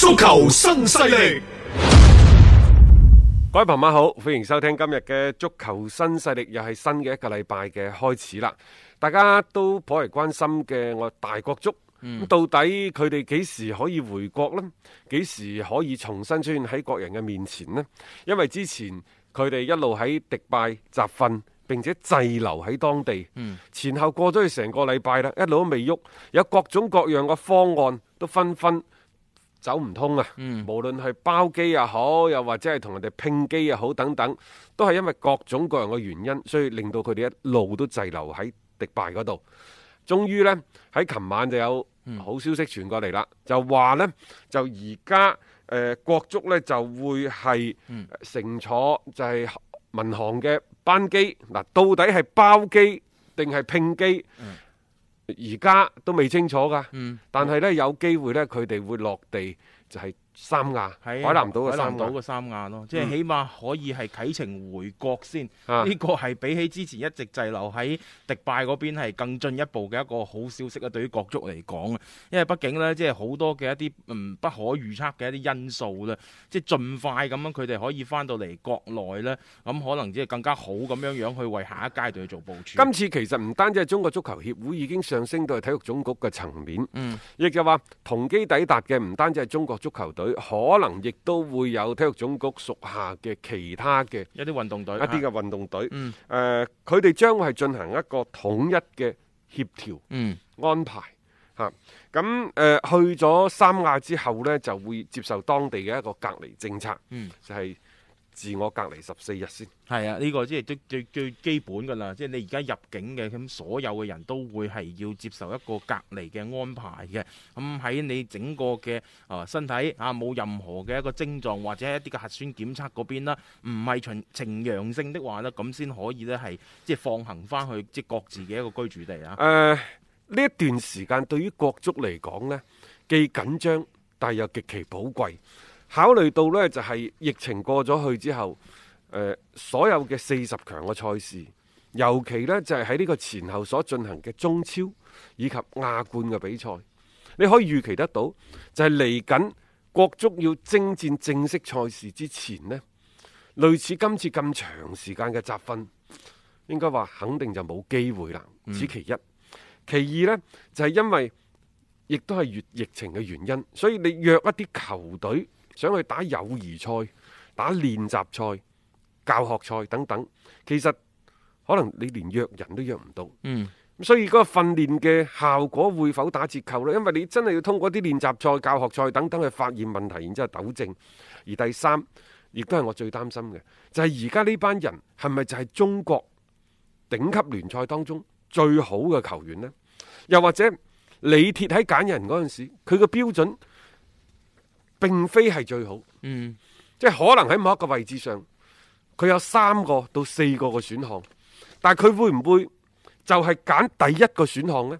足球新勢力，各位朋友好，歡迎收聽今日嘅足球新勢力，又係新嘅一個禮拜嘅開始啦。大家都頗為關心嘅，我大國足，嗯、到底佢哋幾時可以回國呢？幾時可以重新出現喺國人嘅面前呢？因為之前佢哋一路喺迪拜集訓，並且滯留喺當地，嗯、前後過咗去成個禮拜啦，一路都未喐，有各種各樣嘅方案都紛紛。走唔通啊！嗯、無論係包機又好，又或者係同人哋拼機又好，等等，都係因為各種各樣嘅原因，所以令到佢哋一路都滯留喺迪拜嗰度。終於呢，喺琴晚就有好消息傳過嚟啦，嗯、就話呢，就而家誒國足呢就會係乘坐就係民航嘅班機。嗱，到底係包機定係拼機？嗯而家都未清楚㗎，嗯、但係咧有機會咧，佢哋會落地就係、是，三亞喺海南島嘅三亞咯，三亞嗯、即係起碼可以係啟程回國先。呢、嗯、個係比起之前一直滯留喺迪拜嗰邊係更進一步嘅一個好消息啊！對於國足嚟講啊，因為畢竟呢，即係好多嘅一啲唔、嗯、不可預測嘅一啲因素咧，即係盡快咁樣佢哋可以翻到嚟國內呢。咁、嗯、可能即係更加好咁樣樣去為下一階段去做部署。今次其實唔單止係中國足球協會已經上升到體育總局嘅層面，嗯，亦就話同機抵達嘅唔單止係中國足球隊。可能亦都會有體育總局屬下嘅其他嘅一啲運動隊，一啲嘅運動隊。誒、呃，佢哋將會係進行一個統一嘅協調安排嚇。咁、嗯、誒、呃，去咗三亞之後呢，就會接受當地嘅一個隔離政策，嗯、就係、是。自我隔離十四日先，係啊！呢、這個即係最最最基本噶啦，即、就、係、是、你而家入境嘅咁，所有嘅人都會係要接受一個隔離嘅安排嘅。咁喺你整個嘅啊、呃、身體啊冇任何嘅一個症狀或者一啲嘅核酸檢測嗰邊啦，唔係呈呈陽性的話呢，咁先可以呢係即係放行翻去即係、就是、各自嘅一個居住地啊。誒、呃，呢一段時間對於國足嚟講呢，既緊張但又極其寶貴。考慮到呢，就係、是、疫情過咗去之後，呃、所有嘅四十強嘅賽事，尤其呢，就係喺呢個前後所進行嘅中超以及亞冠嘅比賽，你可以預期得到就係嚟緊國足要征戰正式賽事之前呢，類似今次咁長時間嘅集訓，應該話肯定就冇機會啦。此其一，嗯、其二呢，就係、是、因為亦都係越疫情嘅原因，所以你約一啲球隊。想去打友誼賽、打練習賽、教學賽等等，其實可能你連約人都約唔到。嗯，咁所以嗰個訓練嘅效果會否打折扣呢？因為你真係要通過啲練習賽、教學賽等等去發現問題，然之後糾正。而第三，亦都係我最擔心嘅，就係而家呢班人係咪就係中國頂級聯賽當中最好嘅球員呢？又或者李鐵喺揀人嗰陣時候，佢個標準，並非係最好，嗯，即係可能喺某一個位置上，佢有三個到四個嘅選項，但係佢會唔會就係揀第一個選項呢？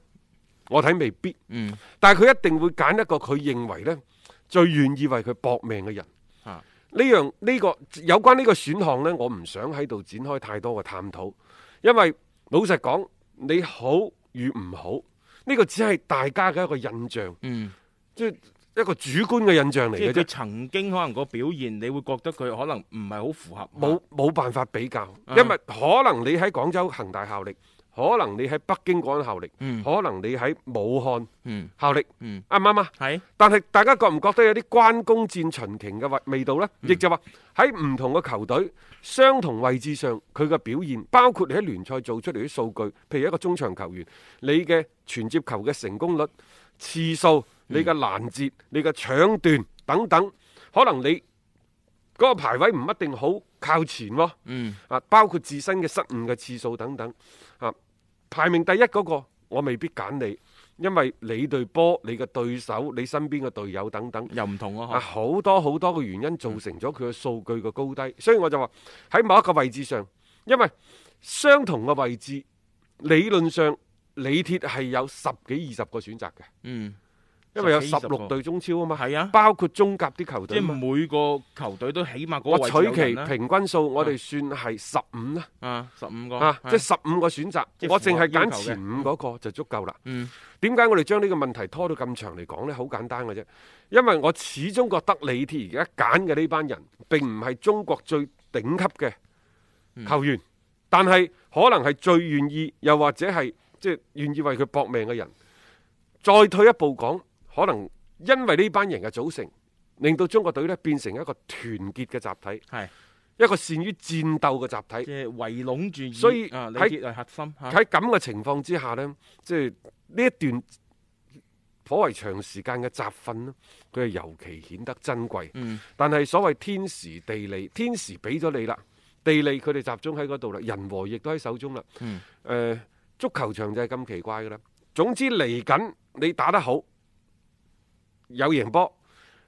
我睇未必，嗯，但係佢一定會揀一個佢認為呢最願意為佢搏命嘅人，啊，呢樣呢、呢個有關呢個選項呢，我唔想喺度展開太多嘅探討，因為老實講，你好與唔好呢、呢個只係大家嘅一個印象，嗯，即一個主觀嘅印象嚟嘅，曾經可能個表現你會覺得佢可能唔係好符合，冇冇辦法比較，因為可能你喺廣州恒大效力，嗯、可能你喺北京國安效力，嗯、可能你喺武漢、嗯，嗯，效力，嗯是，啱唔啱啊？係，但係大家覺唔覺得有啲關公戰秦瓊嘅味道呢？亦、嗯、就話喺唔同嘅球隊，相同位置上佢嘅表現，包括你喺聯賽做出嚟啲數據，譬如一個中場球員，你嘅傳接球嘅成功率次數。你嘅攔截、你嘅搶斷等等，可能你嗰個排位唔一定好靠前喎、哦。嗯。啊，包括自身嘅失誤嘅次數等等。啊，排名第一嗰個我未必揀你，因為你對波、你嘅對手、你身邊嘅隊友等等，又唔同啊，好多好多嘅原因造成咗佢嘅數據嘅高低，嗯、所以我就話喺某一個位置上，因為相同嘅位置，理論上李鐵係有十幾二十個選擇嘅。嗯。因為有十六隊中超啊嘛，係啊，包括中甲啲球隊、啊，即係每個球隊都起碼嗰個位我取其平均數，我哋算係十五啦，啊，十五個，啊啊、即係十五個選擇，我淨係揀前五嗰個就足夠啦。嗯，點解我哋將呢個問題拖到咁長嚟講呢？好簡單嘅啫，因為我始終覺得李鐵而家揀嘅呢班人，並唔係中國最頂級嘅球員，嗯、但係可能係最願意，又或者係即係願意為佢搏命嘅人。再退一步講。可能因為呢班人嘅組成，令到中國隊咧變成一個團結嘅集體，係是一個善於戰鬥嘅集體，即係圍攏住，所以誒你係核心。喺咁嘅情況之下咧，即係呢一段頗為長時間嘅集訓咧，佢係尤其顯得珍貴。嗯，但係所謂天時地利，天時俾咗你啦，地利佢哋集中喺嗰度啦，人和亦都喺手中啦。嗯，誒、呃，足球場就係咁奇怪噶啦。總之嚟緊你打得好，有贏波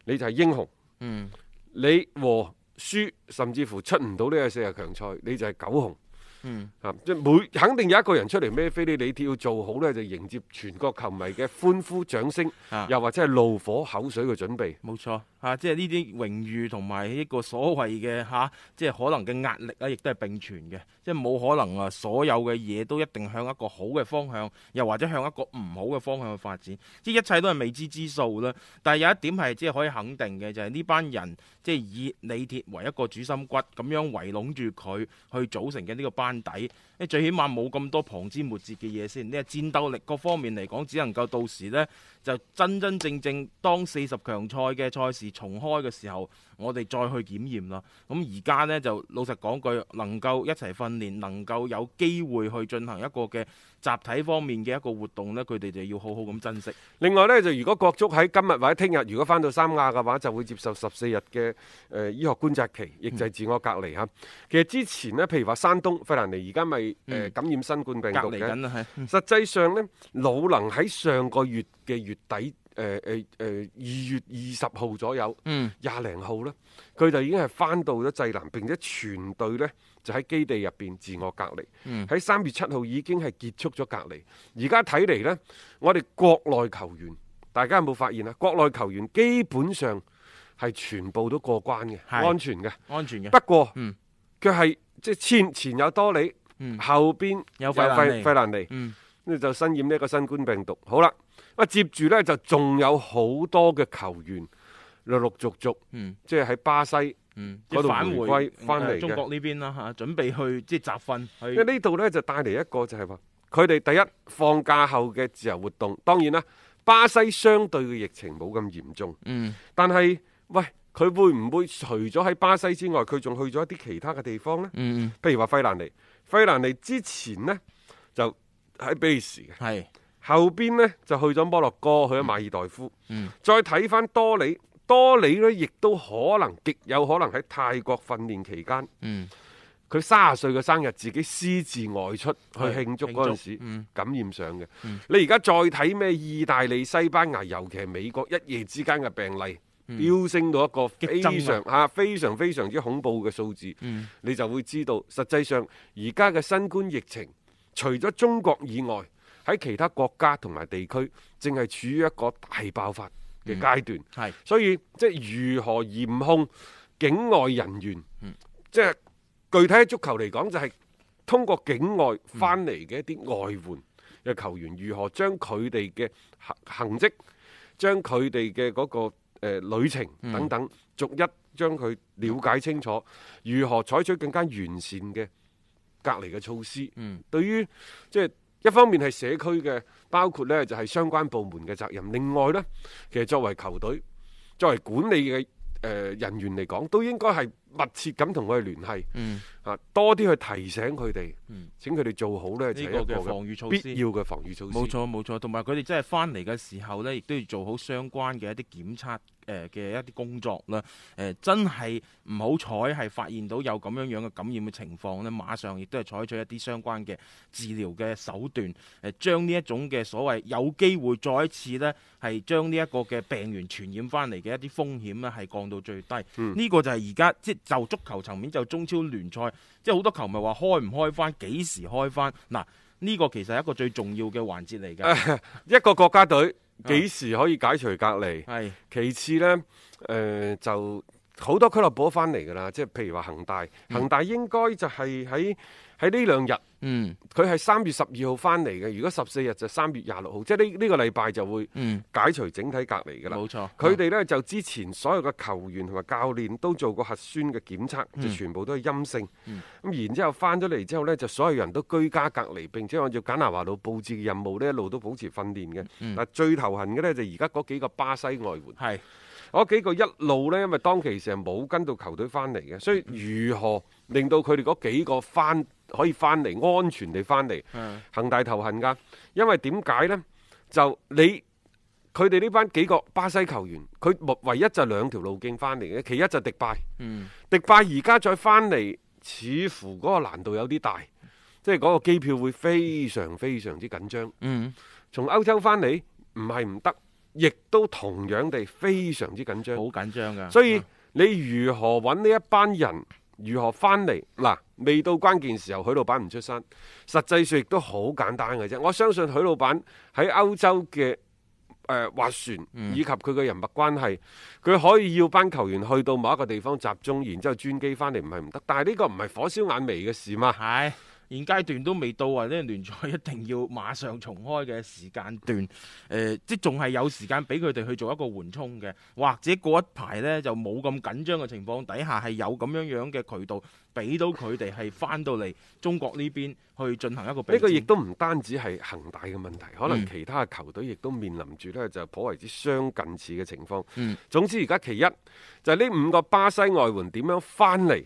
你就係英雄，嗯，你和輸甚至乎出唔到呢個四十強賽，你就係狗熊。嗯，即係每肯定有一個人出嚟孭飛呢，李鐵要做好咧，就迎接全國球迷嘅歡呼掌聲，啊、又或者係怒火口水嘅準備，冇錯吓、啊，即係呢啲榮譽同埋一個所謂嘅吓、啊，即係可能嘅壓力啊，亦都係並存嘅。即係冇可能啊，所有嘅嘢都一定向一個好嘅方向，又或者向一個唔好嘅方向去發展。即係一切都係未知之數啦。但係有一點係即係可以肯定嘅，就係、是、呢班人即係以李鐵為一個主心骨咁樣圍攏住佢去組成嘅呢個班底，最起碼冇咁多旁枝末節嘅嘢先。你嘅戰鬥力各方面嚟講，只能夠到時咧。就真真正正,正當四十強賽嘅賽事重開嘅時候，我哋再去檢驗啦。咁而家咧就老實講句，能夠一齊訓練，能夠有機會去進行一個嘅集體方面嘅一個活動咧，佢哋就要好好咁珍惜。另外咧就如果國足喺今日或者聽日如果翻到三亞嘅話，就會接受十四日嘅誒醫學觀察期，亦就係自我隔離吓。嗯、其實之前咧，譬如話山東費萊尼而家咪誒感染新冠病毒嘅、嗯，隔離緊啊係。實際上咧，魯能喺上個月嘅月底誒誒誒二月二十號左右，廿零號咧，佢就已經係翻到咗濟南，並且全隊咧就喺基地入邊自我隔離。喺三、嗯、月七號已經係結束咗隔離。而家睇嚟呢，我哋國內球員大家有冇發現啊？國內球員基本上係全部都過關嘅，是安全嘅，安全嘅。不過，嗯，佢係即係前前有多里，嗯、後邊有費費蘭尼，嗯，咁就新染呢一個新冠病毒。好啦。啊，接住咧就仲有好多嘅球員陸陸續續，嗯，即係喺巴西，嗯，嗰度返回歸翻嚟中國呢邊啦吓，準備去即係集訓。因呢度咧就帶嚟一個就係話，佢哋第一放假後嘅自由活動，當然啦，巴西相對嘅疫情冇咁嚴重，嗯，但係喂，佢會唔會除咗喺巴西之外，佢仲去咗一啲其他嘅地方咧？嗯，譬如話費蘭尼，費蘭尼之前呢，就喺比利時嘅，係。後邊呢，就去咗摩洛哥，去咗馬爾代夫，嗯、再睇翻多里，多里呢亦都可能極有可能喺泰國訓練期間，佢三十歲嘅生日自己私自外出去慶祝嗰陣時、嗯、感染上嘅。嗯、你而家再睇咩意大利、西班牙，尤其係美國一夜之間嘅病例飆、嗯、升到一個非常吓、非常非常之恐怖嘅數字，嗯、你就會知道，實際上而家嘅新冠疫情除咗中國以外。喺其他國家同埋地區正係處於一個大爆發嘅階段，係、嗯、所以即係、就是、如何嚴控境外人員，即係、嗯、具體喺足球嚟講，就係通過境外翻嚟嘅一啲外援嘅球員、嗯、如何將佢哋嘅行行跡，將佢哋嘅嗰個誒、呃、旅程等等，嗯、逐一將佢了解清楚，如何採取更加完善嘅隔離嘅措施，嗯，對於即係。就是一方面係社區嘅，包括呢就係相關部門嘅責任。另外呢，其實作為球隊、作為管理嘅誒人員嚟講，都應該係。密切咁同佢哋聯繫，嚇、嗯、多啲去提醒佢哋，嗯、請佢哋做好咧呢個嘅防禦措施，必要嘅防禦措施。冇錯冇錯，同埋佢哋真係翻嚟嘅時候呢，亦都要做好相關嘅一啲檢測，誒、呃、嘅一啲工作啦。誒、呃、真係唔好彩係發現到有咁樣樣嘅感染嘅情況呢，馬上亦都係採取一啲相關嘅治療嘅手段，誒將呢一種嘅所謂有機會再一次呢，係將呢一個嘅病源傳染翻嚟嘅一啲風險呢，係降到最低。呢、嗯、個就係而家即。就足球層面就中超聯賽，即係好多球迷話開唔開翻，幾時開翻？嗱，呢、呢個其實係一個最重要嘅環節嚟嘅。一個國家隊幾時可以解除隔離？係、哦。其次呢，誒、呃、就。好多俱樂部翻嚟噶啦，即係譬如話恒大，嗯、恒大應該就係喺喺呢兩日，嗯，佢係三月十二號翻嚟嘅，如果十四日就三月廿六號，嗯、即係呢呢個禮拜就會解除整體隔離噶啦。冇錯，佢哋呢，就之前所有嘅球員同埋教練都做過核酸嘅檢測，嗯、就全部都係陰性。咁、嗯、然之後翻咗嚟之後呢，就所有人都居家隔離並，並且按照簡拿華路佈置嘅任務呢，一路都保持訓練嘅。嗱、嗯，但最頭痕嘅呢，就而家嗰幾個巴西外援係。嗰幾個一路呢，因為當其時係冇跟到球隊翻嚟嘅，所以如何令到佢哋嗰幾個翻可以翻嚟安全地翻嚟？恒大頭痕噶，因為點解呢？就你佢哋呢班幾個巴西球員，佢唯一就兩條路徑翻嚟嘅，其一就迪拜。嗯，迪拜而家再翻嚟，似乎嗰個難度有啲大，即係嗰個機票會非常非常之緊張。嗯，從歐洲翻嚟唔係唔得。不亦都同樣地非常之緊張，好緊張噶。所以你如何揾呢一班人，嗯、如何翻嚟？嗱，未到關鍵時候，許老闆唔出山。實際上亦都好簡單嘅啫。我相信許老闆喺歐洲嘅誒划船，以及佢嘅人脈關係，佢、嗯、可以要班球員去到某一個地方集中，然之後專機翻嚟，唔係唔得。但係呢個唔係火燒眼眉嘅事嘛。哎現階段都未到啊！呢個聯賽一定要馬上重開嘅時間段，呃、即仲係有時間俾佢哋去做一個緩衝嘅，或者過一排呢，就冇咁緊張嘅情況底下，係有咁樣樣嘅渠道俾到佢哋係翻到嚟中國呢邊去進行一個比賽。呢個亦都唔單止係恒大嘅問題，可能其他嘅球隊亦都面臨住呢，就頗為之相近似嘅情況。嗯，總之而家其一就係、是、呢五個巴西外援點樣翻嚟。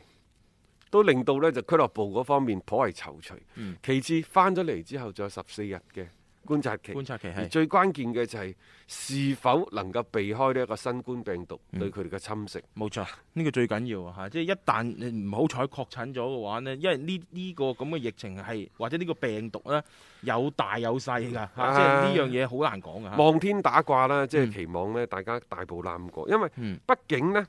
都令到咧就俱樂部嗰方面頗為躊躇。嗯、其次翻咗嚟之後，仲有十四日嘅觀察期。觀察期係。而最關鍵嘅就係是，是否能夠避開呢一個新冠病毒對佢哋嘅侵蝕。冇錯、嗯、呢、這個最緊要啊！即係一旦你唔好彩確診咗嘅話呢，因為呢呢、這個咁嘅疫情係或者呢個病毒咧有大有細㗎嚇，即係呢樣嘢好難講啊。望天打卦啦，嗯、即係期望咧大家大步攬過，因為畢竟呢，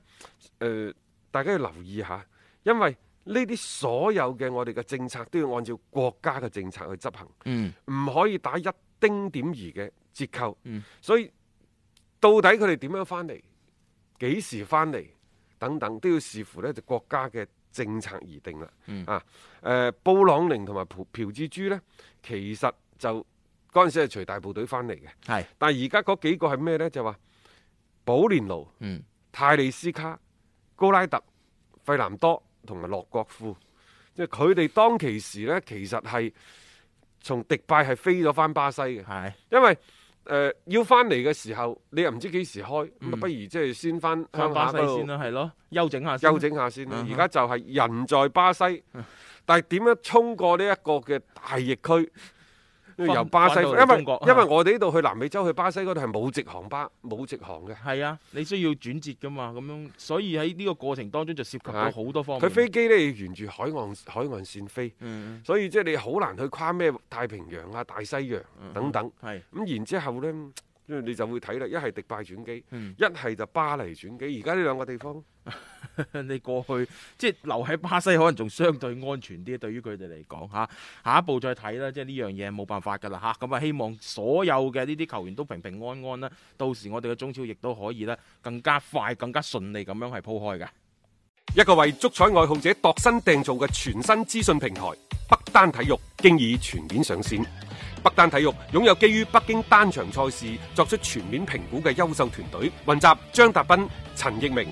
誒、呃，大家要留意吓，因為。呢啲所有嘅我哋嘅政策都要按照國家嘅政策去執行，嗯、唔可以打一丁點兒嘅折扣。嗯、所以到底佢哋點樣翻嚟，幾時翻嚟等等，都要視乎咧就國家嘅政策而定啦。嗯、啊，誒、呃，布朗寧同埋朴朴志洙咧，其實就嗰陣時係隨大部隊翻嚟嘅，是但係而家嗰幾個係咩咧？就話保連奴、嗯、泰利斯卡、高拉特、費南多。同埋洛國富，即係佢哋當其時咧，其實係從迪拜係飛咗翻巴西嘅，的因為誒、呃、要翻嚟嘅時候，你又唔知幾時開，嗯、咁不如即係先翻翻巴西先啦，係咯，休整下，休整下先。而家、嗯、哼就係人在巴西，嗯、哼但係點樣衝過呢一個嘅大疫區？從由巴西，因為的因為我哋呢度去南美洲去巴西嗰度係冇直航巴冇直航嘅。係啊，你需要轉折㗎嘛，咁樣，所以喺呢個過程當中就涉及到好多方面。佢飛機咧要沿住海岸海岸線飛，嗯嗯，所以即係你好難去跨咩太平洋啊、大西洋等等。咁、嗯嗯，然之後呢，你就會睇啦，一係迪拜轉機，嗯、一係就巴黎轉機。而家呢兩個地方。嗯 你過去即係留喺巴西，可能仲相對安全啲，對於佢哋嚟講嚇。下一步再睇啦，即係呢樣嘢冇辦法噶啦嚇。咁啊，希望所有嘅呢啲球員都平平安安啦。到時我哋嘅中超亦都可以啦，更加快、更加順利咁樣係鋪開嘅。一個為足彩愛好者度身訂造嘅全新資訊平台北單體育，經已全面上線。北單體育擁有基於北京單場賽事作出全面評估嘅優秀團隊，雲集張達斌、陳奕明。